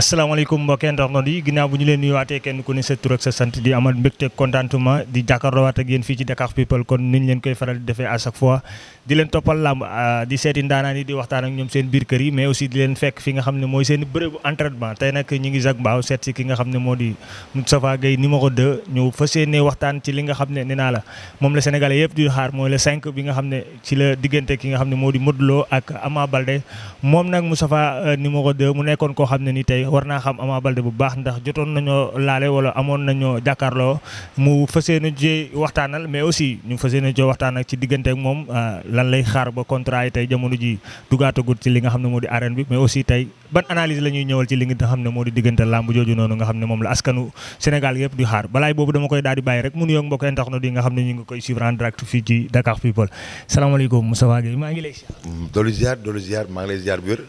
asalaamaaleykum mbokki internet yi ginnaaw bu ñu leen nuyuwaatee kenn ku ne sa tur ak sa sant di amal mbégte contentement di jàkkaarloowaat ak yéen fii ci Dakar kon niñ leen koy faral di defee à chaque fois di leen toppal làmb ah, di seeti ndaanaan yi di waxtaan ak ñoom seen biir kër yi mais aussi di leen fekk fi nga xam ne mooy seen bërëbu entraînement tey nag ñu ngi Zac Mbao seet si ki nga xam ne moo di Moustapha Gueye numéro 2 ñu fas yéene waxtaan ci li nga xam ne nee naa la moom la Sénégalais yëpp di xaar mooy le 5 nga xam ne ci la diggante ki nga xam ne moo di Modou Lo ak Ama Baldé moom nag Moustapha euh, numéro 2 mu nekkoon koo xam ne ni tey war naa xam Ama Baldé bu baax ndax jotoon nañoo laale wala amoon nañoo jàkkaarloo mu fas yéene jee waxtaanal mais aussi ñu fas yéene jee waxtaan ak ci diggante ak moom euh, lan lay xaar ba contrat yi tey jamono ji dugaatagut ci li nga xam ne moo di bi mais aussi tey ban analyse la ñuy ñëwal ci li ne moo di diggante làmb jooju noonu nga xam ne moom la askanu Sénégal yëpp di xaar balaay boobu dama koy daal di bàyyi rek mu nuyoog mbokk internet yi nga xam ne ñu ngi koy suivre en direct fii ci Dakar People salaamaaleykum Moustapha Gueye maa ngi lay ziar doolu ziar doolu ziar maa ngi lay ziar bu wér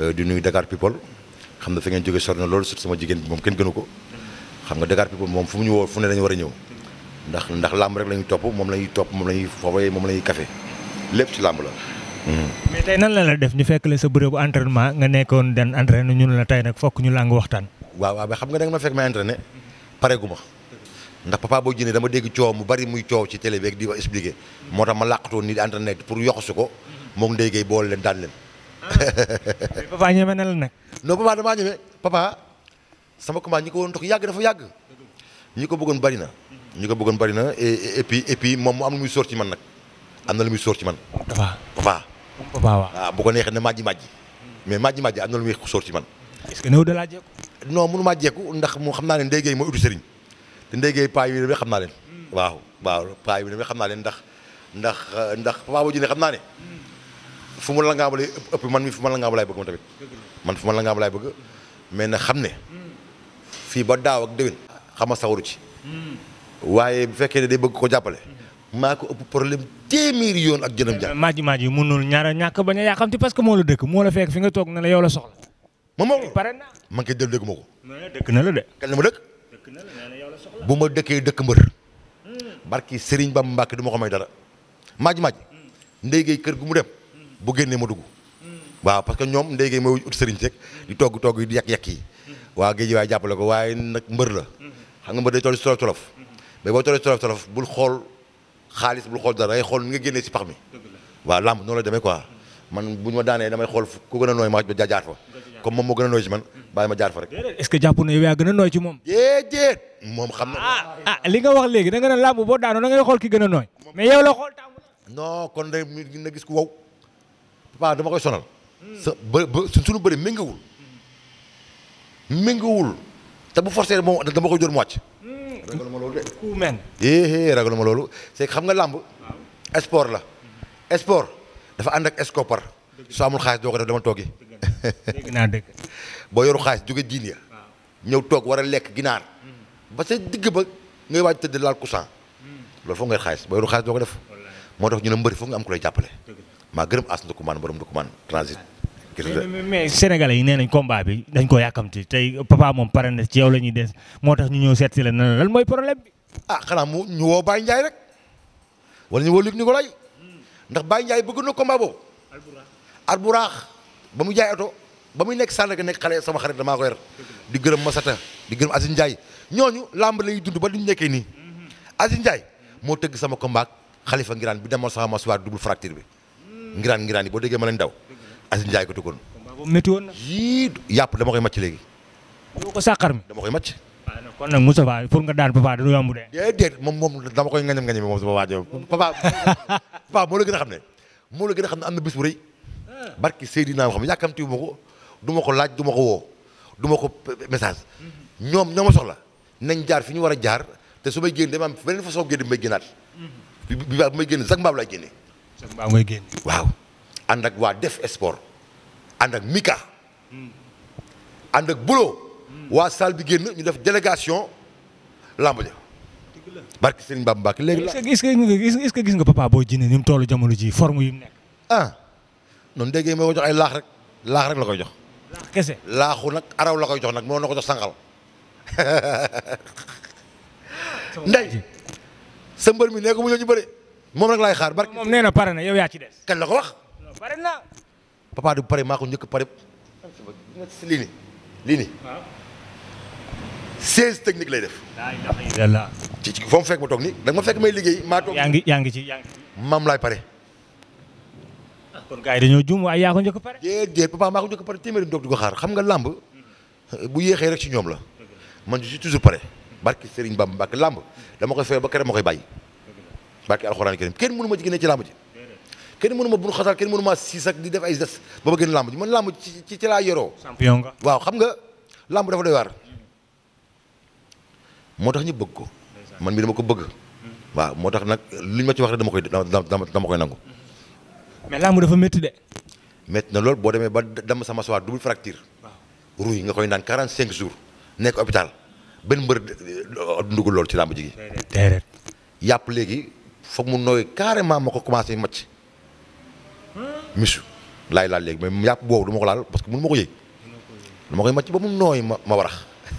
euh, di nuyu Dakar xam na fi ngeen jóge sori na loolu surtout sama jigéen bi moom kenn nga moom fu mu ñu woo a ñëw ndax ndax làmb rek la ñuy moom la ñuy topp moom la ñuy la ñuy lépp ci la hmm. mais tey la la def ñu fekk la sa bérébu entraînement nga nekkoon den entraîné ñun la tey nag fokk ñu làng waxtaan waaw waaw xam nga da nga ma fekk may entraîné pare gu ma ndax papa boo jëndee dama dégg coow mu bari muy coow ci télé beeg di wax expliqué moo tax ma làqatoo ni entraîné pour yoxosu ko moom ndéygéey boole leen daan leen mais papa ñeme na la nag. non papa damaa ñeme papa sama commande ñi ko woon toog yàgg dafa yàgg. ñi ko bëggoon bari na. ñi ko bëggoon bari na et moom mu am lu muy sóor man nag am na lu muy sóor ci man. papa papa. papa ah, bu ko neexee ne majji majji mais majji majji am na lu muy man. est que néew da laa jékku. non mënu maa jékku ndax mu xam naa ne ndéygéey mooy utu sëriñ te ndéygéey paa yi xam naa leen. Mm. waaw waaw paa yi xam naa leen ndax ndax euh, ndax papa boo jëlee xam naa ne fu ma langaabu lay ëpp man mi fu ma langaabu laay bëgg ma tamit man ma na xam ne fii ba daaw ak déwén xama sawaru ci waaye bu fekkee ne bëgg ko jàppale maa ko ëpp problème téeméeri yoon ak jënam jàpp maaj maaj yi mënul ñaara ñàkk bañ a yàqamti parce que moo la dëkk moo la fekk fi nga toog ne la yow la soxla ma moo ko man koy dël dëkk ma dëkk na la de kan la ma ma hmm. ma ko may dara maaj maaj hmm. ndéygéey kër gu mu dem bu génnee ma dugg waaw parce que ñoom ndéygéey mooy ut sëriñ rek di togg togg yi di yàq-yàq yi waaw géej waaye jàppale ko waaye nag mbër la xam nga mbër day toll si tolof tolof mais boo tollee si tolof bul xool xaalis bul xool dara ngay xool nga génnee si pax mi waaw làmb noonu la demee man bu ñu ma daanee damay xool ku gën a nooy ma jaar fa moom moo gën a nooy ci man bàyyi ma jaar fa rek. est-ce que jàpp na yaa gën a nooy ci moom. déedéet moom xam na. ah, ah li nga wax léegi da nga ne làmb boo daanoo da ngay xool ki gën a nooy. mais yow la xool tàmbali. non kon na gis ku wow. papa dama koy sonal. sa ba ba suñu bëri te bu forcé moom dama koy jor mu wàcc. ragalu ma loolu de. Eh, eh, xam nga làmb. sport la. sport dafa ànd ak escopar. soo amul xaalis doo ko def dama toogi. dégg boo yoru xaalis jóge diin ya ñëw toog war a lekk ginaar. Mm. ba sa digg ba ngay waaj tëdd laal kusan. Mm. loolu foog ngay xaalis boo yoru xaalis doo ko def. moo tax ñu ne mbëri foog nga am ku lay jàppale. maa gërëm as Ndoukoumane borom Ndoukoumane transit. mais sénégalais yi nee nañ combat bi dañ ko yàkkamti tey papa moom pare na ci yow la ñuy des moo tax ñu ñëw seet si la nan lan mooy problème bi. ah xanaa mu ñu woo Baye Ndiaye rek wala ñu woo Luc Nicolaï ndax Baye Ndiaye bëgg na combat boobu. Alburaax ba mu jaay ba muy nekk Sandaga nekk xale sama xarit damaa ko yar di gërëm Masata di gërëm Aziz Ndiaye ñooñu làmb lay dund ba duñ nekkee nii mhm. Aziz moo tëgg sama combat xalifa ngiraan bi demoon sama masuwaar double fracture bi. ngiraan ngiraan yi boo déggee ma leen daw Aziz Ndiaye ko tëggoon métti woon na yii yàpp dama koy màcc léegi doo ko sàqar mi dama koy màcc kon nag Moussa Faye pour nga daan papa du yomb de déedéet moom moom dama koy ngañam ngañam moom sama waajoo papa papa moo la gën a xam ne moo la gën a xam ne am na bis bu rëy ah. barki Seydina xam ne yàkkamti ma ko du ko laaj du ko woo du ko message mhm. ñoom ñoo ma soxla nañ jaar fi ñu war a jaar te su may génn dama am beneen façon génn bi may génnaat mhm. bi may génn sax mbaam laay génne baa ngay génn waaw ànd ak waa def sport ànd ak Mika ànd ak bulo waa salle bi génn ñu def délégation lamb ja barke Serigne Bamba Mbacke léegi la est-ce que gis nga Papa Boy Djiné ni mu toolu jamono ji forme yi mu nekk ah noonu déggee moo jox ay laax rek laax rek la koy jox kese laaxu nag araw la koy jox nag moo na ko jox sangal ndey sa mbër mi nee ko mu ñëw ñu moom rek laay xaar barke. moom nee na pare na yow yaa ci des. kañ la ko wax. pare na. papa du pare maa ko njëkk pare. lay def. alhamdulilah. ci ci foo mu fekk ma may liggéey maa yaa ngi yaa ngi ci yaa ngi ci. maam kon gars yi dañoo juum waaye yaa ko njëkk pare. déedéet maa ko njëkk pare téeméeri toog di ko xaar xam nga làmb bu yéexee rek ci ñoom la. man je suis toujours pare. barke Serigne Bamba Mbacke làmb dama koy fexe ba keroog ma koy bàyyi. barki alxuraan karim kenn mënu ma ci génne ci làmb ji kenn mënu ma bunu xasaal kenn mënu ma siis ak di def ay des ba ma génn làmb ji ma làmb ci ci ci laa yoroo waaw xam nga làmb dafa doy waar moo tax ñu bëgg ko man mi dama ko bëgg waaw moo tax nag lu ma ci wax rek dama koy dama koy nangu mais làmb dafa métti de métti na loolu boo demee ba dama sama soir double fracture ruy nga koy naan 45 jours nekk hôpital benn mbër dundugul euh, loolu ci làmb ji gi yàpp léegi foog mu nooy carrément ma ko commencé màcc. misu laay laal léegi mais yàpp boobu du ma ko laal parce que mënu ma ko yëg. dama koy màcc ba mu nooy ma ma warax.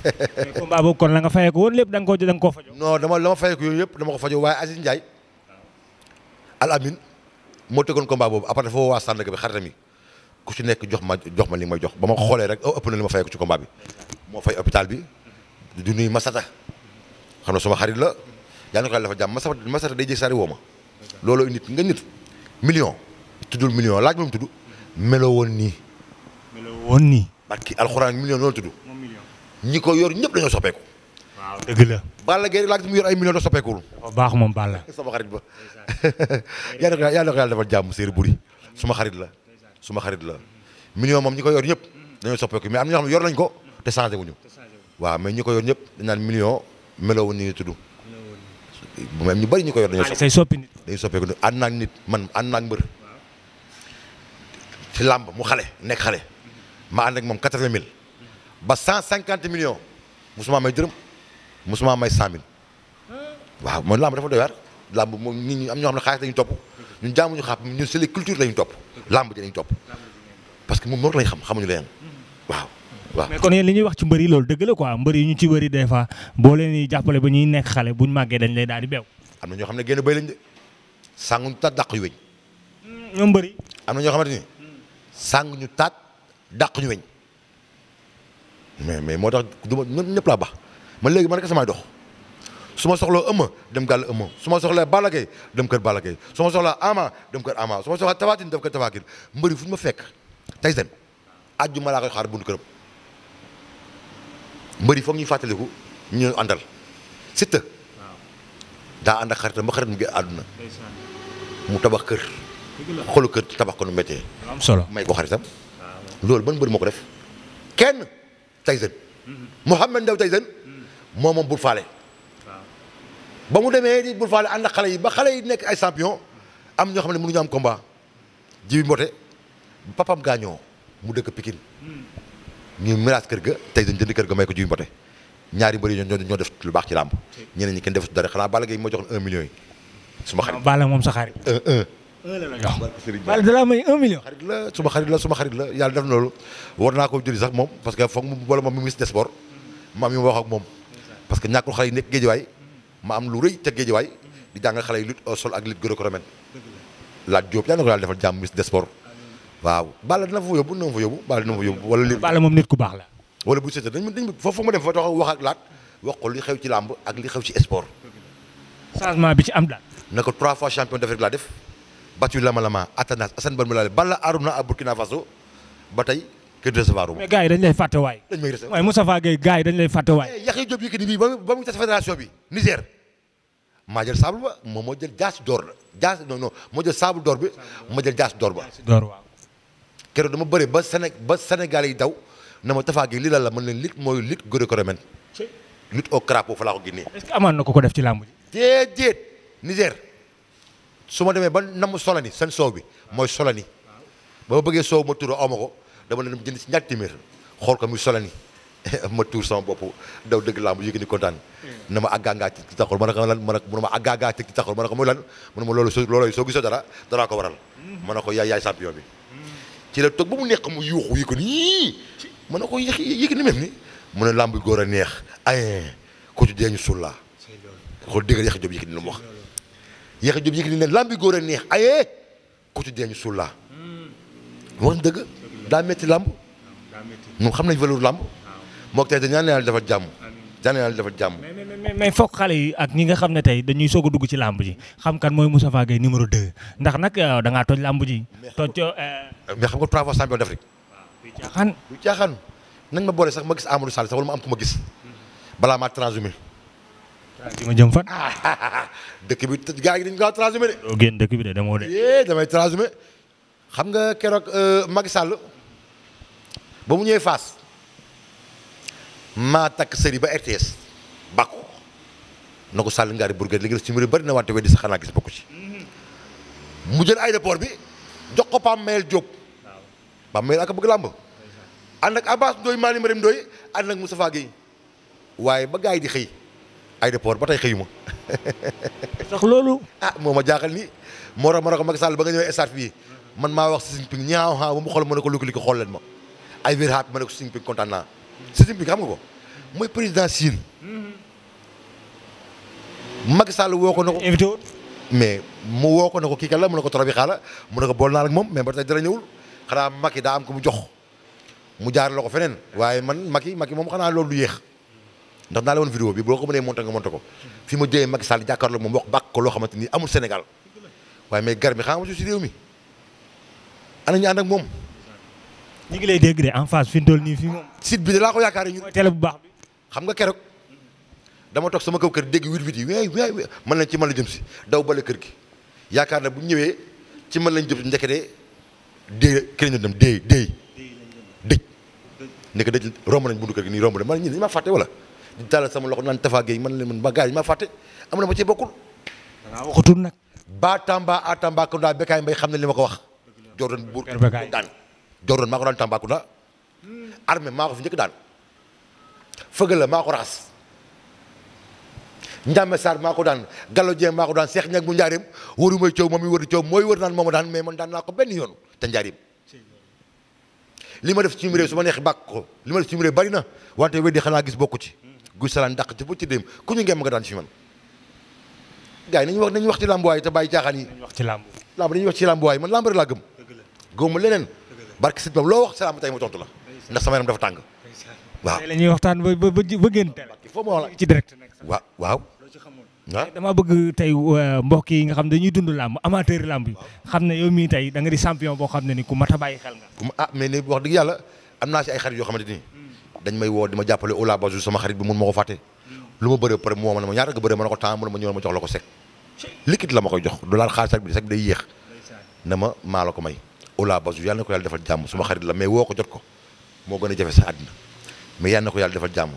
mais boobu kon la nga fayee ko woon lépp da koo da nga koo fajoo. non dama la ma fayee ko yooyu yëpp dama ko fajoo waaye Aziz Ndiaye. al amin moo tegoon combat boobu après dafa foo waa Sandaga bi xaritam yi ku ci nekk jox ma jox ma li may jox ba ma xoolee rek ëpp na li ma fayee ko ci combat bi. moo fay hôpital bi. du nuy Masata. xam na suma xarit la. yaa ngi ko yàlla dafa jàmm masata masata day jég saari woo ma looloo nit nga nit million tuddul million laaj moom tudd meloo woon nii meloo woon nii barki alxuraan million loolu tudd ñi ko yor ñëpp dañoo soppeeku waaw dëgg la Balla Gaye laaj mu yor ay million da soppeekuwul baax moom Balla sama xarit ba yaa ngi ko yàlla ko yàlla dafa jàmm séeri buri suma xarit la suma xarit la million moom ñi ko yor ñëpp dañoo soppeeku mais am na ñoo xam ne yor nañ ko te changé wuñu waaw mais ñi ko yor ñëpp dañ naan million meloo woon nii tudd même ñu bëri ñu ko yor dañoo say soppi nit dañu soppeeku naa ànd nit man ànd naag mbër ci làmb mu xale nekk xale ma ànd ak moom quatre-vingt mille ba cent cinquante millions musuma may dërëm musuma may cent mille waaw mooy làmb dafa doy waar làmb moom nit ñi am ñoo xam ne xaalis lañu topp ñun jaamuñu xaap ñu c'est les culture lañu topp làmb ji lañu topp parce que moom moo lañ xam xamuñu leen waaw waaw mais kon yéen li ñuy wax ci mbër yi loolu dëgg la quoi mbër yi ñu ci bëri des fois boo leen di jàppale ba ñu nekk xale buñ màggee dañ lay daal di beew am na ñoo xam ne génn béy lañ de sànguñu taat dàq yu weñ hmm, am na ñoo xamante ni sànguñu taat dàq ñu weñ mais mais moo tax du ma ñëpp laa ba ma léegi man rek samay dox su ma soxla ëmma dem gàll ëmma su ma soxla Balla Gaye dem kër Balla Gaye su ma soxla Ama dem kër Ama su ma soxla Tapha Tine dem kër Tapha Tine mbëri fu ñu ma fekk tey seen ajju ma laa koy xaar buntu këram mbër yi foog ñuy fàttaliku ñu àndal Siteu daa ànd ak xaritam ba xarit mu ngi àdduna mu tabax kër xolu kër tabax ko nu méttee solo may ko xaritam loolu ban mbër moo ko def kenn Tyson mm-hmm. Mohamed Ndao Tyson mm. moom moom bul faale ba mu demee di bul faale ànd ak xale yi ba xale yi nekk ay champion mm. am ñoo xam ne mënuñu am combat jibi mbote papam gaañoo mu dëkk Pikine mm. ñu miraas kër ga tey dañ jënd kër ga may ko jiw mbote ñaari mbër yi ñoo ñoo def lu baax ci làmb ñeneen ñi kenn defut dara xanaa Balla Gaye yi suma xarit la la jox Balla un million xarit suma xarit la suma xarit la yàlla def na loolu war naa ko jëli sax moom parce que foog mu wala moom ministre des am ñu ma wax ak moom parce que ñàkkul xale yi nekk géejawaay ma am lu rëy ca géejawaay di jàngal xale yi lutte sol ak lutte gréco-romaine laaj Jóob yàlla na ko yàlla defal jàmm ministre des waaw bala dina fa yóbbu dina fa yóbbu Balla dina fa yóbbu wala li Balla moom nit ku baax la wala bu seetee dañ dañ foofu ma dem fa taxaw wax ak laat wax ko li xew ci làmb ak li xew ci sport changement bi ci am daal na ko trois fois champion d'Afrique laa def battu lama-lama Atanas Assane ba mi laa Balla aaruna à Burkina Faso ba tey kër recevoir mais gars waay dañ yi dañ lay fàtte waay eh, Yaxya Diop Yékini bii ba mu jël sable ba moom moo jël jaas d'or la jaas non non moo jël sable d'or bi moo jël jaas d'or ba keroog dama bëri ba Séné ba Sénégal yi daw na ma Tapha gi lii la la mën leen lutte mooy lutte gréco-romaine lutte au crapaud fa laa ko génnee. est-ce que amaan na ko ko def ci làmb ji. déedéet Niger su ma demee ba namu solani seen soow bi mooy solani ba ma bëggee soow ma tuur aw ma ko dama leen jënd ci ñàkk téeméer xool ko muy solani ma tuur sama bopp daw dëgg làmb yëg ni kontaan na ma àggaagaa ci taxul ma ne ko a ma ne ko ma àggaagaa ci taxul ma ne ko muy lan mu ne ma loolu soo looloo soo gisoo dara mm-hmm. ko yaay yaay bi. ci la toog ba mu nekk mu yuuxu yi ko nii man na ko yéex yéex ni mel ni mu ne làmb góor a neex ay ko ci dee ñu sullaa xool déggal yéex a jóg yéex ni lu wax yéex a jóg a neex ay ko ci dee ñu sullaa hmm. wax dëgg daa metti làmb ñun xam nañ valeur làmb moo ko tey dañu ñaan yàlla defal jàmm ñaan yàlla defal jàmm mais mais foog xale yi ak ñi nga xam ne tey dañuy soog a dugg ci làmb ji xam kan mooy Moustapha Gueye numéro 2 ndax nag euh, da ngaa toj làmb ji. toj euh, mais xam nga trois fois champion d'Afrique. du caaxaan du caaxaan nañ ma boole sax ma am ku ma gis mm-hmm. balaa maa transhumé. transhumé jëm fan. dëkk bi gaa yi dañu ko transhumé de. génn dëkk bi de demoo de. Eh, damay transhumé xam nga keroog euh, Macky Sall ba mu ñëwee Fass maa takk sëri ba RTS na ko Sall ngaari Bourguette li nga def ci mbir bari na wante weddi sa xanaa gis bokku ci mu jël aéroport bi jox ko Pape Mayel Diop Pape Mayel ak bëgg làmb ànd ak Abbas Ndoye Malick Marème Ndoye ànd ak Moustapha Guèye waaye ba gars di xëy aéroport ba tey xëyuma sax loolu ah moo ma jaaxal ni moo tax ma ne ko Macky Sall ba nga ñëwee stade man maa wax si Sëñ Ping ñaaw ha ba mu xool ma ne ko lukki lukki xool leen ma ay wér haat ma ne ko Sëñ Ping kontaan naa ko mooy président Chine mm-hmm. Macky saal woo ko na ko. mais mu woo ko na ko kii kala la na ko trop bi xaala mu ne ko bool naa ak moom mais ba tey dara ñëwul xanaa Macky daa am ko jox mu jaar la ko feneen waaye man Macky Macky moom xanaa loolu du yéex ndax naa la woon bi boo ko mënee monté nga monté ko fi ma jëyee Macky Sall jàkkaarloo moom wax bàq ko loo xamante ni amul Sénégal waaye mais gar mi xanaa ma si réew mi ana ñu ànd ak moom. ñu ngi lay dégg de en face fi nii fii moom. site bi de ko yaakaar ñu. mooy bu baax bi. xam nga keroog dama toog sama kaw kër dégg wit wit yi weey weey man lañ ci man la jëm si daw bale kër gi yaakaar na bu ñëwee ci man lañ jëm si njëkk de déy kër ñu dem déy déy dëj nekk dëj romb nañ buntu kër gi nii romb nañ man ñi dañ maa fàtte wala di sama loxo naan Tafa Gueye man leen man ba gars yi maa fàtte am na ma ci bokkul danaa waxatul nag ba Tamba à Tambacounda Bécaye Mbaye xam na li ma ko wax Jordan buur daan Jordan maa ko Tambacounda hmm. armée maa ko daan fëgal la maa ko Ndiame Sarr maa ko daan Gallo Dieng maa ko daan Cheikh Niang njaarim wëru may moom mi wër coow mooy daan mais man daan naa ko benn yoon te njaarim li ma def ci mu réew su ma neex bàkk ko li ma def ci bari na wante weddi xanaa gis bokku ci gu salaan dàq ci bu ci dem ku ñu ngem nga daan ci man gars yi nañu wax nañu wax ci làmb waay te bàyyi caaxaan yi wax ci làmb làmb nañu wax ci làmb waay man làmb rek laa gëm gëmuma leneen barke sit bam loo wax salaam tey ma tontu la ndax sama yaram dafa tàng waaw tey la ñuy waxtaan ba ba ba génn télé. il faut ma wax Ah? dama bëgg tey euh, mbokk yi nga xam dañuy dund làmb amateur làmb yi xam ne yow mii tey da di champion boo xam ne ni ku mat a bàyyi xel nga ah mais ni wax dëgg yàlla am naa si ay xarit yoo xamante ni dañ may woo di ma jàppale Ola Bazou sama xarit bi mun ma ko fàtte lu ma bëree pare mu woo ma ne ma ñaata nga bëree ma ne ko temps ma ñëw ma jox la ko sec liquide la ma koy jox du laal xaalis bi sec bi day yéex na ma maa la ko may Ola Bazou yàlla ko yàlla defal jàmm suma xarit la mais woo ko jot ko moo gën a jafe sa àddina mais yàlla na ko yàlla defal jàmm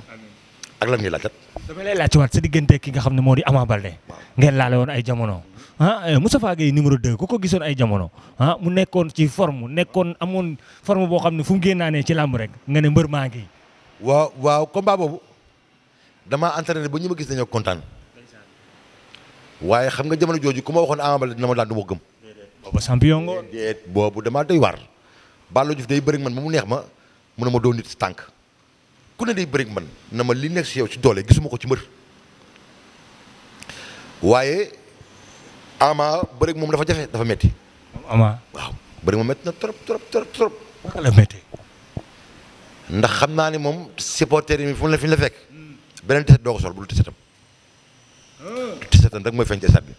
ak lan ngay laajat dama lay laajtewaat sa diggante ki nga xam ne moo di Ama ngeen laale woon ay jamono ah eh, Moustapha Gueye numéro 2 ku ko gisoon ay jamono ah mu nekkoon ci forme nekkoon amoon forme boo xam ne fu mu génnaanee ci làmb rek nga ne mbër maa ngi. waaw waaw combat boobu damaa ba ñu ma gis nañoo kontaan waaye xam nga jamono jooju ku ma waxoon Ama Baldé dina ma daan du ma gëm. boobu champion nga boobu damaa doy waar. Balla Diouf day bëri man ba mu neex ma mun a ma doo nit si tànk. ku ne day bëri man na ma li nekk si yow ci doole gisuma ko ci mbër waaye ama bëri moom dafa jafe dafa metti ama waaw bëri moom metti na trop trop trop trop. ndax xam naa ni moom supporter yi fu mu la fi la fekk beneen tiset doo ko sol bu dul tisetam hmm. tisetam rek mooy feeñ ci bi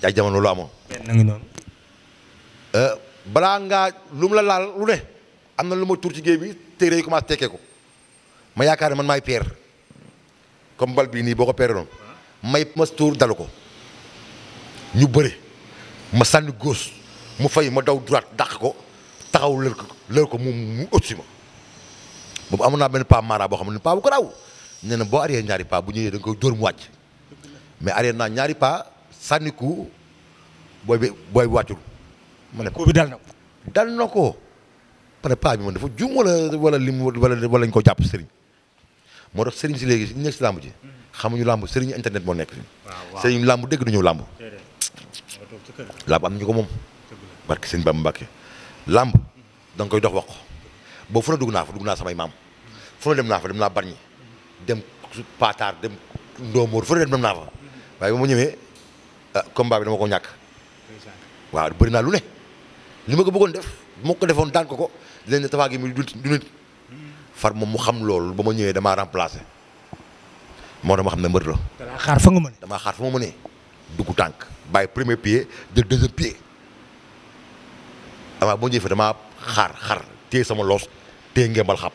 jaay jamono lu amoon. na euh, balaa ngaa lu mu la laal lu ne am na lu ma tuur ci géej bi. téere yi commencé tekkee ko ma yaakaar ne man maay peer comme bal bii nii boo ko peeroon may ma tuur dalu ko ñu bëre ma sànni góos mu fay ma daw droite dàq ko taxaw lër ko ko mu mu ëpp ma boobu amoon naa benn paa mara boo xam ne paa bu ko daaw nee boo aree ñaari paa bu ñëwee da koy dóor mu wàcc mais aree naa ñaari paa sànni ku booy bi booy bi wàccul ma ne ko bi dal na ko dal na ko pare paa bi man dafa juum wala wala lim wala wala ñu ko jàpp sëriñ moo tax sëriñ si léegi si nekk si làmb ji xamuñu làmb sëriñ internet moo nekk sëriñ làmb dégg du ñëw làmb làmb am nañu ko moom barke sëriñ Bamba Mbàkke làmb da koy dox wax boobu fu na dugg naa fa dugg naa samay maam fu na dem naa fa dem naa barñi dem paataar dem ndóomóor fu na dem naa fa waaye moo ma ñëwee ah, combat dama ko ñàkk waaw bëri naa lu ne li ma ko bëggoon def bu ma ko ko dinañ ne Tapha Gueye mi du nit far moom mu xam loolu ba ma ñëwee damaa remplacé moo dama xam ne mbër la. xaar fa nga mën damaa xaar fa ma mënee dugg tànk bàyyi premier pied de deuxième pied damaa boo ñëwee fa damaa xaar xar téye sama loos téye ngembal xàpp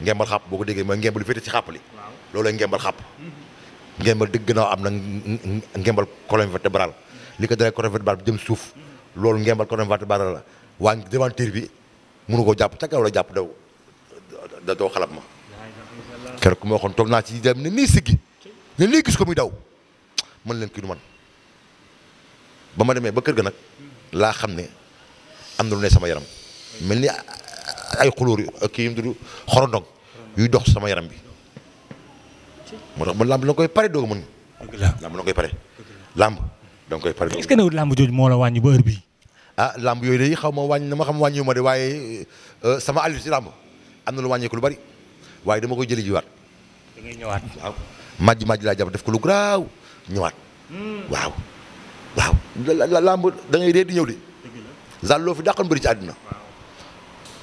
ngembal xàpp boo ko déggee mooy ngembal lu féete ci xàpp li loolu lay ngembal xàpp ngembal dëgg gannaaw am na ngembal colonne vertébrale li ko dalee colonne vertébrale bi jëm suuf loolu ngembal colonne vertébrale la waa devanture bi mënu koo jàpp ca kaw la jàpp daw da doo xalab ma keroog ku ma waxoon toog naa ci dem ne nii siggi ne nii gis ko muy daw mën leen kii du man ba ma demee ba kër ga nag laa xam ne am na lu ne sama yaram mel ni ay yu kii yim du xorondong yuy dox sama yaram bi moo tax man làmb da koy pare dooga mën làmb da koy pare làmb da nga koy pare est moo la wàññi ba heure bii ah lamb yooyu day xaw ma wàññi na ma xam wàññiwu ma de waaye euh, sama àll ci lamb am na lu wàññeeku lu bari waaye dama koy jëli jiwaat. da ñëwaat majj majj laa jàpp def ko lu garaaw ñëwaat. Hmm. waaw. waaw lamb da ngay di ñëw de. zàlloo fi dàqoon bëri ci àddina.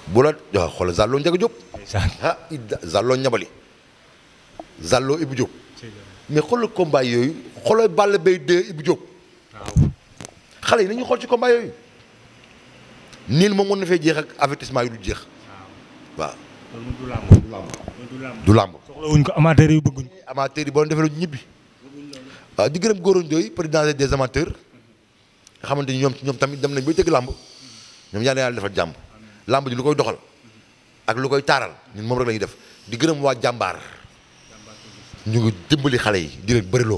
bu la waaw xoolal zàlloo njëkk a jóg. ah Idda zàlloo ñabali. zàlloo Ibou Diop. mais xoolal yooyu xoolal Balla Beye de Ibou Diop. xale yi nañu xool ci combat yooyu. niil moom mën na fee jeex ak avertissement yi du jeex waaw. du làmb du làmb soxlawuñ ko amateurs yi bëgguñ ko. amateurs yi boo defee lu ñibbi waaw di gërëm góoroñ doy président des amateurs nga xamante ni ñoom ñoom tamit dem nañ bay tëgg làmb ñoom yàlla yàlla defal jàmb làmb ji lu koy doxal ak lu koy taaral ñun moom rek la def di gërëm waa jàmbaar ñu ngi dëmbali xale yi di leen bëriloo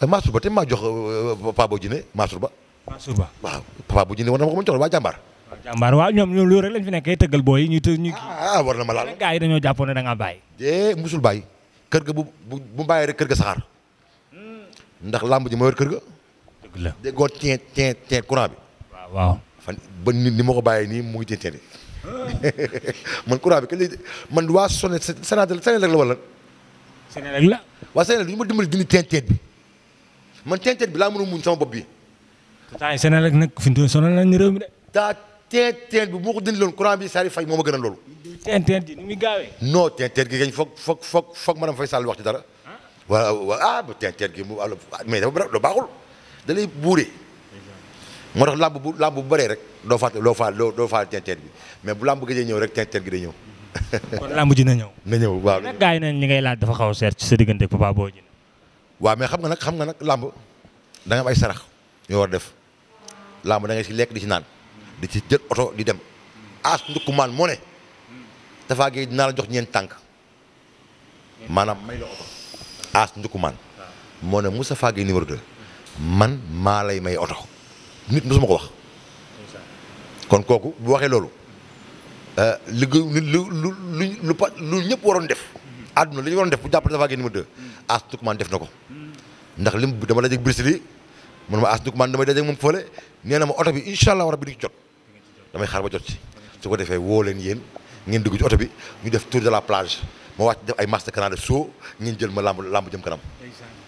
waaye Massour Ba te maa jox euh, Papa Boy Djiné Massour Ba. Massour Ba waaw Papa Boy Djiné war na ma jox waa jàmbaar. waaw jàmbaar waaw ñoom ñoom rek lañ fi nekk tëggal booy yi ñuy të ñu. Ah, ah war na ma laal gaa yi dañoo jàppoon ne da dee musul bàyyi kër ga bu bu rek kër ga saxaar ndax làmb ji moo yor kër ga. dëgg la déggoo tien tien tien ma ko man courant bi kañ man waa sonné Sénégal Sénégal rek la wala. Sénégal rek la. waa ñu ma dimbali dindi tien tien bi man tien tien bi laa mën a muñ sama bopp bi. te temps yii Sénégal nag fi mu toll sonal de. teet teet bi moo ko dindi bi Sary Faye moo ma gënal loolu. teet teet bi ni muy gaawee. non teet teet gi kañ foog foog foog foog madame Faye Sall wax ci dara. voilà ah teet ah, teet gi mu ah, mais dafa bëri lu baaxul da lay buuree. moo bu làmb bu bëree rek doo faa doo faa doo faa teet teet bi mais bu làmb gëjee ñëw rek teet teet gi da ñëw. kon làmb ji na ñëw. na ñëw waa nag gars yi nañ li ngay dafa xaw a seet ci sa diggante Papa Boy Djiné. waaw xam nga nag xam nga nag làmb da ay sarax yoo war def làmb da nga lekk di ci naan di ci jël oto di dem as ndukkumaan moo ne Tapha Gueye dinaa la jox ñeent tànk maanaam may la oto as ndukkumaan moo ne Moustapha lay may oto nit mosuma ko wax kon kooku bu waxee loolu euh, liggéey lu lu lu lu ñëpp waroon def àdduna li ñu waroon def bu jàppale Tapha Gueye numéro 2 as ndukkumaan def na ko ndax lim dama dajeeg Brésil yi man ma as ndukkumaan damay dajeeg moom fële nee na ma oto bi incha allah war a bi di jot damay xaar ba jot ci su ko defee woo leen yéen ngeen dugg ci oto bi ñu def tour de la plage ma wàcc def ay master canal de soo ngeen jël ma lamb lamb jëm kanam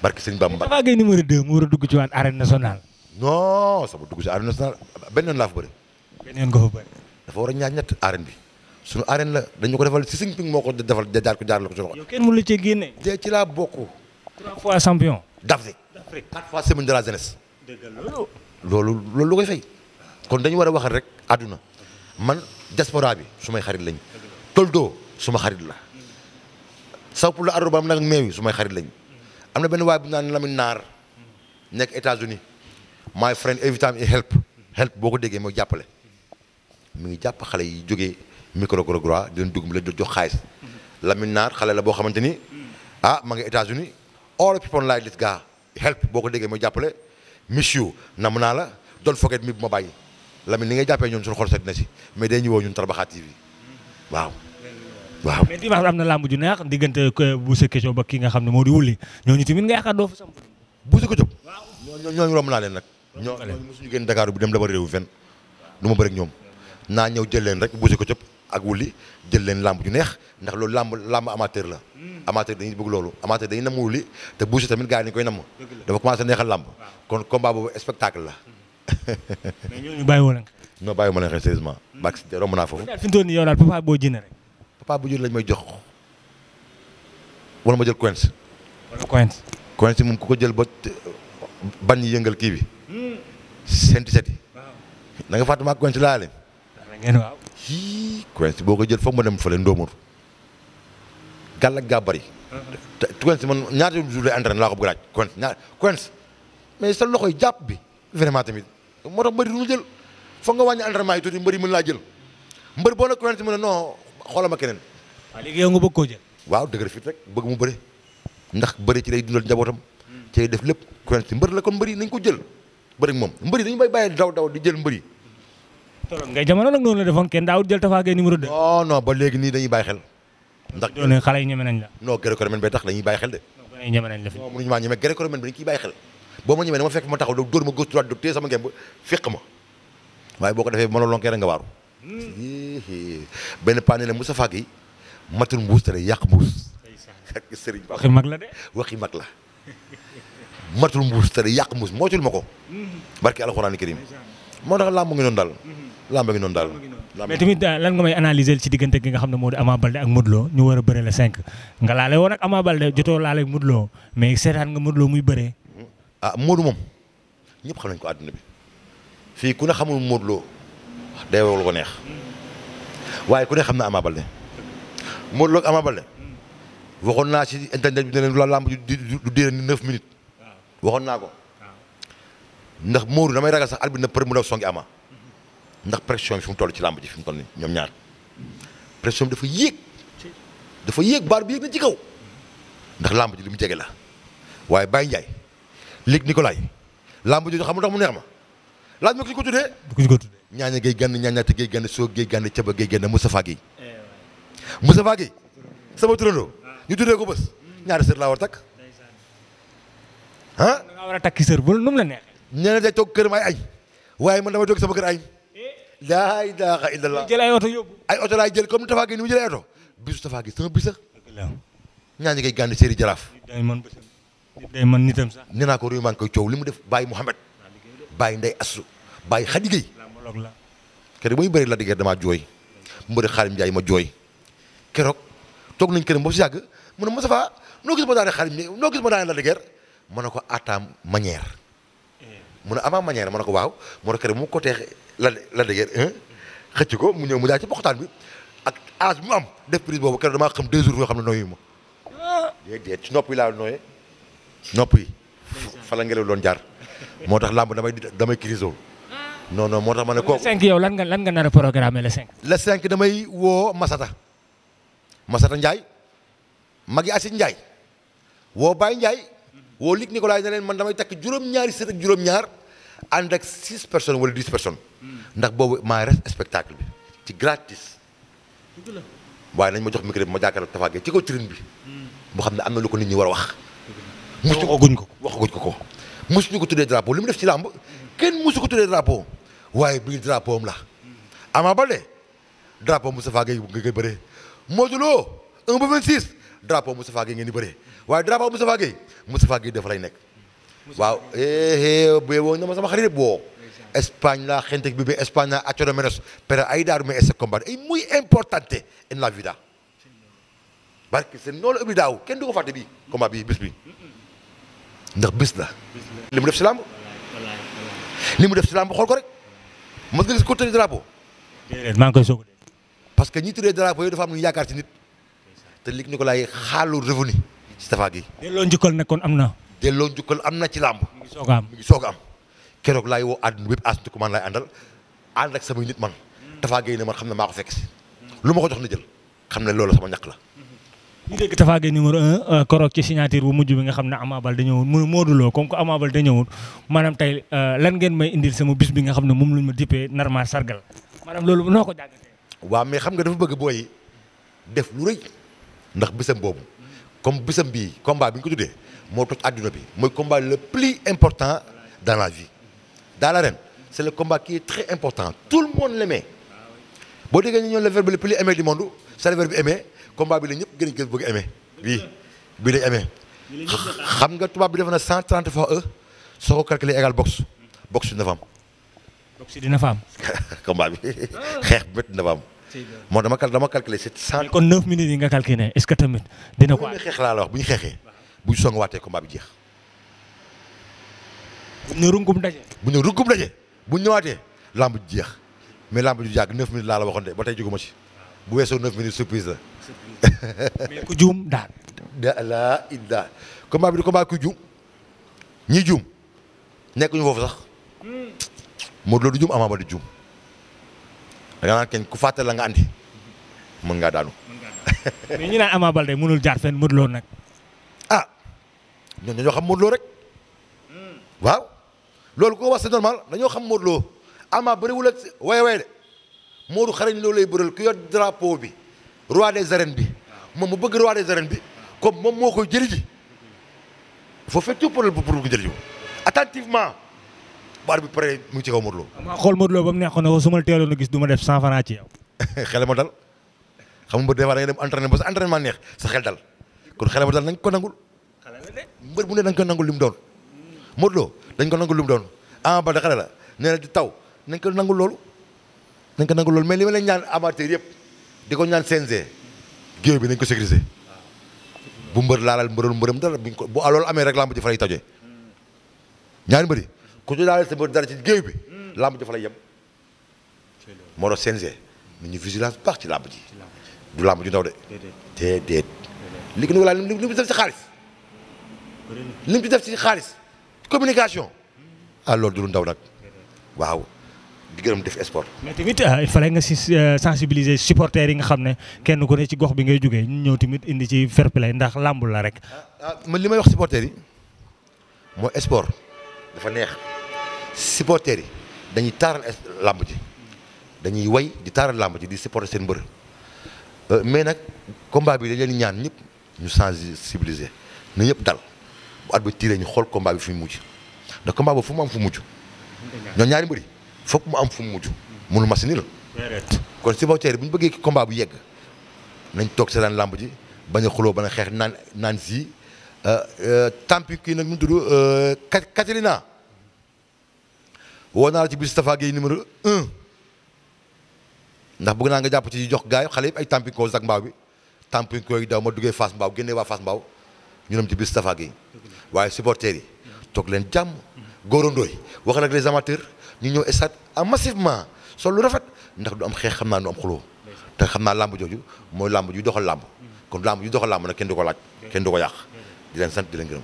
barke sëñ Bamba Tapha Gueye numéro war a dugg ci waan arène nationale non sama dugg ci arène nationale benn yoon laa fa bëri benn yoon nga fa bëri la dañu ko defal si sëñ ping moo ko defal jaar ko jaar la ko ci loxo yow kenn mënu la cee génne dee ci laa loolu loolu lu koy fay kon dañu war a waxal rek àdduna man diaspora bi sumay xarit lañ toldo suma xarit la saw pour la arobam nag meew yi sumay xarit lañ am na benn waay bu la Lamine Naar nekk États-Unis my friend every time i help boo ko déggee mooy jàppale mi ngi jàpp xale yi jógee micro grogro di leen dugg jox xaalis Lamine Naar xale la boo xamante ni ah ma ngi États-Unis all the people boo ko déggee mooy jàppale miss you namu naa la don't forget mi bu ma bàyyi Lamine ni ngay jàppee ñun suñu xol set na si mais day ñëwoo ñun Tarbaxa TV waaw. waaw mais dimanche am na làmb ju neex diggante Bousse ba ki nga xam ne moo di wulli ñooñu tamit nga yaakaar doo fa samp. Bousse Ketchup. leen nag. ñooñu mosuñu génn Dakar bi dem la ba réew fenn du ma bëri naa ñëw jël leen rek Bousse Ketchup ak wulli jël leen làmb ju neex ndax loolu làmb làmb amateur la. Hmm. amateur dañuy bëgg loolu amateur dañuy namm wulli te Bousse tamit gars yi dañu koy namm. dafa commencé neexal làmb kon combat boobu spectacle la. Hmm. mais ñooñu bàyyiwoo leen. non bàyyiwuma leen xel sérieusement. bàq si romb naa foofu. daal fi mu toll nii yow daal ma jël coins. coins. coins ba bañ yëngal bi. senti seti. na nga fàttali maa coins laa leen. ngeen waaw. yii coins boo ko jël foog ma dem fële Ndomor. gàll ak gaa bëri. te coins man ñaata jours lay entraîné laa ko bëgg a laaj coins ñaar coins mais sa loxoy jàpp bi vraiment tamit. moo tax mbëri dul jël foog nga wàññi entraînement yi tuuti mbëri mën laa jël mbër boo nekk yonente mu ne non xoolal ma keneen waaw léegi yow bëgg koo jël waaw dëgër fit rek bëgg mu bëri ndax bëri ci lay dundal njabootam ci lay def lépp yonente la kon mbëri nañ ko jël bëri moom mbëri dañu bay bàyyi daw daw di jël mbëri toroon ngay jamono nag noonu la defoon kenn daawul jël Tapha Gueye numéro 2 non non ba léegi nii dañuy bàyyi xel ndax doon xale yi ñeme nañ la non gërë bay tax boo ma ñëwee dama fekk ma taxaw do dóor ma gauche ma waaye boo ko defee mën a lonkee rek nga waaru benn paa ne la Moustapha Guèye matul mbuus te yàq mbuus ak sëriñ ba mag la de waxi mag la matul mbuus te yàq mbuus mootul ma ko barki alxuraan karim moo tax làmb ngi noonu daal làmb ngi noonu daal mais tamit lan nga may analyser ci diggante gi nga xam ne moo di Ama Baldé ak Modou Lo ñu war a bëre la 5 nga laale woon ak Ama Baldé jotoo laale Modou Lo mais seetaan nga Modou muy bëree ah Modou moom ñëpp xam nañ ko àddina bi fii ku ne xamul Modou Lo ah, day wax ko neex waaye ku ne xam na Ama Baldé Modou Lo ak Ama Baldé waxoon naa si internet bi ne leen la làmb du du diire ni neuf minutes waxoon naa ko ndax Modou damay ragal sax arbitre na për mu daw songi Ama ndax pression bi fi toll ci làmb ji fi mu toll ni ñoom ñaar pression bi dafa yéeg dafa yéeg baar bi yéeg na ci kaw ndax làmb ji li mu jege la waaye Baye Ndiaye Luc Nicolaï lamb jooju xam nga tax mu neex ma laaj ma ku ñu ko tuddee. ku ñu ko tuddee. ñaaña gay gann ñaañaate gay gann soog gay gann caba gay gann Moustapha Guèye. Moustapha Guèye eh sama turandoo. ñu tuddee ko bés. Ah. ñaari sër laa war a takk. ah. da war a takki sër bu nu mu la neexee. ñeneen day toog ma ay añ waaye man dama toog sama kër añ. Eh. laa ilaaha illallah. jël ay oto yóbbu. ay oto laay jël comme Tafa Guèye ni mu jëlee ay oto. bisu Tafa Guèye sama bisa. ñaaña gay gann séeri jaraaf. day mën nitam sax nee naa ko réew maa ngi koy coow li mu def Baye Mouhamed Baye Ndeye Assou Baye Khady Gueye keroog ba ñu bëri la diggante damaa jooy mbëri Xaalim Ndiaye ma jooy keroog toog nañ këram ba si yàgg mu ne Moustapha noo gis ma daane Xaalim noo gis ma daane la diggante ma ne ko attaam manière mu ne avant manière ma ne ko waaw moo tax mu ko teex la la diggante xëcc ko mu ñëw mu daal ci boxtaan bi ak âge bi mu am def prise boobu keroog damaa xam deux jours yoo xam ne nooyu ma ah. ci nopp yi laa nooyee nopp yi fa la ngelaw doon jaar moo tax làmb damay damay crisol non non moo tax ma ne kooku. le 5 lan nga lan nga nar a programmer le 5. le 5 damay woo Masata Masata mag Magi Asin Ndiaye woo Baye njaay woo Luc Nicolaï ne leen man damay takk juróom-ñaari set ak juróom-ñaar ànd ak 6 personnes wala 10 personnes. ndax boobu maa res bi ci gratis. waaye nañ ma jox micro bi ma jàkkaarloo Tafa ci ko tribune bi. Hmm. mu xam ne am na lu ko nit ñi war a wax. musu waxaguñ ko waxaguñ ko ko musuñu ko tuddee drapeau li mu def ci làmb kenn musu ko tuddee drapeau waaye bii drapeau am la Ama bale drapeau Moustapha Gueye nga koy bëree Modou Lo 1 ba 26 drapeau Moustapha Gueye ngeen di bëree waaye drapeau Moustapha Gueye Moustapha Gueye dafa lay nekk waaw eh eh woo na ma sama xarit boo Espagne la gente vive España a hecho de menos pero hay darme ese combate es muy importante en la vida barke seen noonu la ëpp daaw kenn du ko bi combat ndax bis la. li mu def si làmb. li mu def si làmb xool ko rek. mos nga gis ko tëri drapeau. déedéet maa ngi koy soog parce que ñi tuddee drapeau yooyu dafa am lu yaakaar ci nit. te Luc Nicolaï xaalu revenu ci Tapha Gueye. loo njukkal ne kon am na. delloo njukkal am na ci làmb. mi ngi soog am mi ngi soog a am. keroog laay woo àdduna bépp as tukumaan laay àndal ànd ak samay nit man Tapha Gueye ne man xam ne maa ko fekk si. lu ma ko jox na jël xam ne loolu sama ñàkk la. ñu dégg Tapha Gueye numéro 1 euh, koroog ci signature bu mujj bi nga xam ne Ama Baldé ñëwul mu Modou Lo comme que Ama Baldé ñëwul maanaam tey euh, lan ngeen may indil sama bis bi nga xam ne moom lañ ma dippee nar ma sargal maanaam loolu noo ko jàngatee. waaw mais xam nga dafa bëgg booy def lu rëy ndax bisam boobu comme bisam bii combat bi ñu ko tuddee moo toj àdduna bi mooy combat le plus important dans la vie dans l'arène c'est le combat qui est très important tout le monde l'aimait boo déggee ñu ñëw le verbe le plus aimé combat bi la ñëpp gën a gën bëgg a amee bii bii day amee xam nga tubaab bi def na 130 fois e soo ko calculé égal box box dina fa am. box dina fa bi xeex bu métti dina fa am. moo dama dama calculé c'est cent. kon 9 minutes yi nga calculé est-ce que tamit dina ko. xeex laa wax bu ñu xeexee bu ñu songawaatee combat bi jeex. bu ñu ne rungum daje. bu ñu ne rungum bu ñu ñëwaatee lamb ji jeex mais lamb ju yàgg 9 minutes laa la waxoon de ba tey jóguma ci bu weesoo 9 minutes surprise la. mais ku juum daan. laa illah combat bi du combat ku juum ñi juum nekkuñu foofu sax Modou Lo du juum Ama Baldé du juum da nga kenn ku fàttali la nga andi mën ngaa daanu. ñu naan Ama Baldé mënul jaar fenn Modou Lo nag. ah ñoom dañoo xam Modou Lo rek waaw loolu ko wax c'est normal dañoo xam Modou Lo Ama bëriwul ak de Modou xarañ loolu lay bëral ku yor drapeau bi. roi des arènes bi moom mu bëgg roi des arènes bi comme moom moo koy jëli ji il faut faire tout pour pour ko jëli ji attentivement baar bi pare mu ngi ci kaw Modou Lo. xool Modou Lo ba mu nekkoon ne ko su ma teeloon gis du ma def cent francs xam nga des fois da ngay dem entraînement ba neex sa xel kon xel ma dal nañ ko nangul. mbër bu ne dañ ko nangul li mu doon Modou Lo dañ ko nangul li mu doon Ama Baldé la nee na di taw nañ ko nangul loolu nañ ko nangul loolu mais li ma leen ñaan yëpp. di ko ñaan CNG géew bi nañ ko sécuriser bu mbër laalal mbërul mbërëm dara buñ ko bu loolu amee rek lamb ji fa lay tojee ñaari mbëri ku ci laalal sa mbër dara ci géew bi lamb ji fa lay yem moo tax CNG nit ñu vigilance bu baax ci lamb ji du lamb ju ndaw de déedéet li ko laal li mu def ci xaalis li mu def si xaalis communication hmm. allool ah, du lu ndaw nag waaw di gërëm def sport. mais tamit euh, il fallait nga si euh, sensibiliser supporters yi nga xam ne kenn ku ne ci gox bi ngay jógee ñu ñëw tamit indi ci fair play ndax làmbul la rek. Ah, ah, man li may wax supporters yi mooy sport dafa neex supporters yi dañuy taaral làmb ji dañuy way di taaral làmb ji di supporter seen mbër euh, mais nag combat bi dañ leen ñaan ñëpp ñu sensibiliser na ñëpp dal bu at bi tiré ñu xool combat bi fi mu mujj ndax combat boobu fu mu am fu mujj ñoo ñaari mbëri foog mu am fu mu mujj. mënu ma si ni la. kon supporter bu ñu bëggee combat bu yegg nañ toog seetaan làmb ji bañ a xuloo bañ a xeex naan naan si euh, euh, tampi kii nag ñu tudd Catalina euh, woo naa ci biir Stapha Gueye numéro ndax bëgg naa nga jàpp ci jox gaay xale yëpp ay tampinkoo zak mbaaw bi tampinkoo yi daw ma duggee Fass mbaaw génnee waa Fass mbaaw ñu dem ci biir Stapha Gueye waaye supporters yi toog leen jàmm góorandooy wax ak les amateurs ñu ñëw stade en massivement sol lu rafet ndax du am xeex xam naa du am xuloo te xam naa làmb jooju mooy làmb ju doxal làmb kon làmb ju doxal làmb nag kenn du ko laaj kenn du ko yàq di leen sant di leen gërëm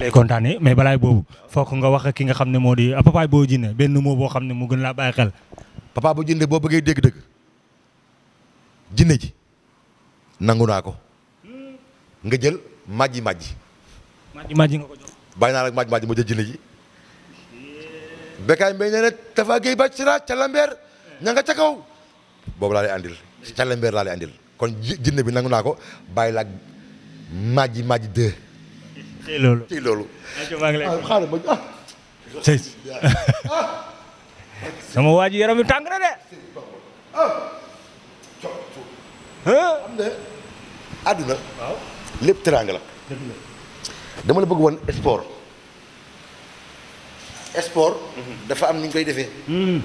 maa kontaane mais balaay boobu foog nga wax ki nga xam ne moo di ah, Papa boo Djiné benn moo boo xam ne mu gën laa bàyyi xel Papa Boy Djiné boo bëggee dégg-dëgg jinne ji nangu naa ko nga jël majji majji majji majji nga ko jox bàyyi naa la majji majji ma jël jinne ji Bécaye Mbaye nee na Tafa Gueye bàcc na ca Lambeer ña nga ca kaw boobu laa lay andil mm. ca Lambeer laa lay andil kon jinne bi nangu naa ko bàyyi laag Madji Madji 2. loolu tey loolu. Ah, xaaral ah. ah. sama waa ji yaram yu na de. am na àdduna. la. dama la bëgg woon sport. dafa am ni ñu koy defee. Hmm.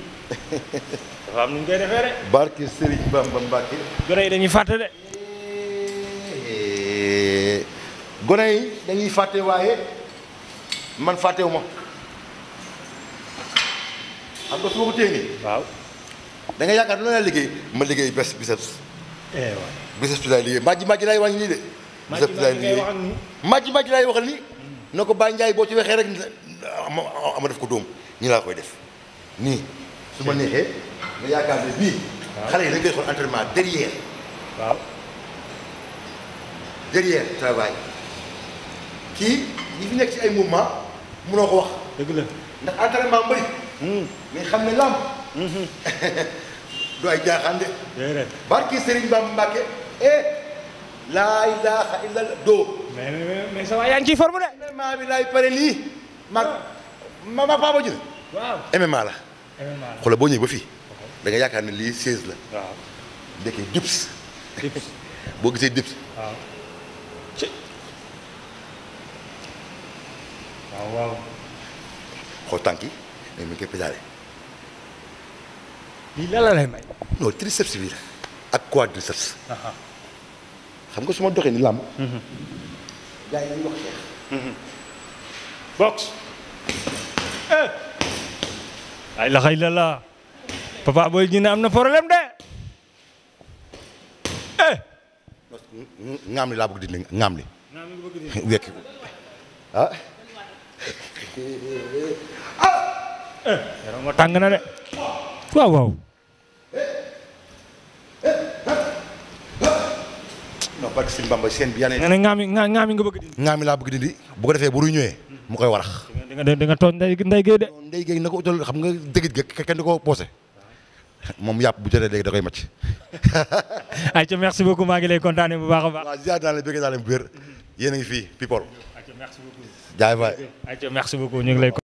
dafa am ni ñu koy defee de. barke Serigne Bamba Mbacke. gone yi dañuy fàtte de. Eh, gone yi dañuy fàtte waaye man fàttewu ma xam nga su ma ko nii. waaw. yaakaar ne la liggéey ma liggéey bés biceps. eh waay biceps bi laay liggéey màjji màjji laay wàññi nii de. biceps bi màjji màjji laay waxal nii. na ko Baye Ndiaye boo ci waxee rek. ama def ko dóom nii laa koy def nii su ma neexee nga yaakaar ne bii xale yi dañ koy xool entraînement derrière fi nekk ci ay mouvement mënoo ko wax dëgg la ndax entraînement mbëri hmm. mais xam ne làmb hmm. du ay jaaxaan barki Serigne Bamba Mbacke eh laa ilaha illa doo mais mais mais yaa ngi ciy forme bi laay pare lii maag ma ma Papa Djiné. waaw MMA la. la xoolal boo ñëwee ba fii. da yaakaar ne lii seize la. waaw ndekkee dips. dips boo gisee dips. xool tànk mais mi ngi koy pédalé. lii lan may. non triceps bi la ak quadriceps. xam nga su doxee ni làmb. Mhm. box. eh. ay la xay la la Papa Boy am na problème de. eh. ngaam laa bëgg di ngaam li. Ah. Eh. tàng na de. waaw waaw. non barke Sëñ Bamba seen bi yaa nga ne ngaam yi laa bëgg di bu ko defee bu ruy ñëwee. mu koy warax. di nga di nga tooñ ndey géey de. ndey géey na ko utal xam nga dëgg ga kenn du ko poosé moom yàpp bu jotee léegi da koy màcc. ayca merci beaucoup maa ngi lay kontaanee bu baax a baax. waaw ziar naa leen bëgg naa leen bu wér yéen ngi fii people. ayca merci beaucoup. jaay waay ayca beaucoup ñu ngi lay.